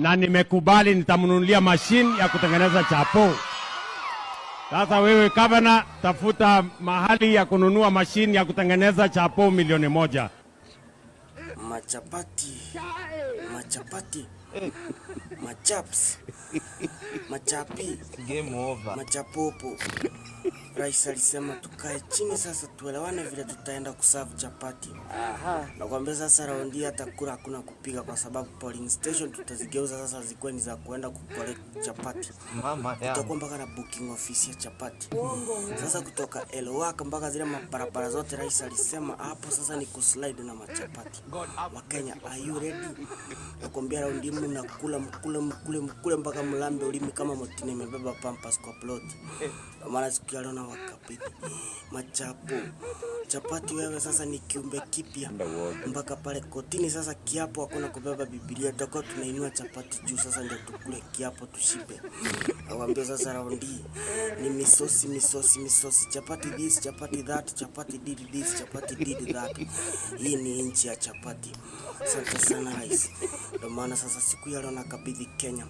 na nimekubali nitamnunulia mashine ya kutengeneza chapo. Sasa wewe gavana, tafuta mahali ya kununua mashine ya kutengeneza chapo milioni moja. Machapati, machapati. Eh. machaps, machapi, game over, machapopo. Rais alisema tukae chini sasa tuelewane vile tutaenda kusafu chapati. Aha. Na Nakwambia sasa raundi hii atakura hakuna kupiga kwa sababu polling station tutazigeuza sasa zikuwe ni za kuenda kukole chapati. Mama yangu. Tutakuwa mpaka na booking office ya chapati. Sasa kutoka Elwak mpaka zile mabarabara zote rais alisema hapo sasa ni kuslide na machapati. Wakenya, are you ready? Nakwambia raundi mimi na kula mkule mkule mkule mpaka mlambe ulimi kama motini imebeba pampas kwa plot. Maana siku ya leo na machapo machapo chapati. Wewe sasa ni kiumbe kipya mpaka pale kotini. Sasa kiapo hakuna kubeba Biblia, tutakuwa tunainua chapati juu. Sasa ndio tukule kiapo tushipe Awambia sasa raundi ni misosi misosi misosi, chapati this chapati that, chapati did this chapati did that. Hii ni nchi ya chapati. Asante sana rais, ndio maana sasa siku ya leo nakabidhi Kenya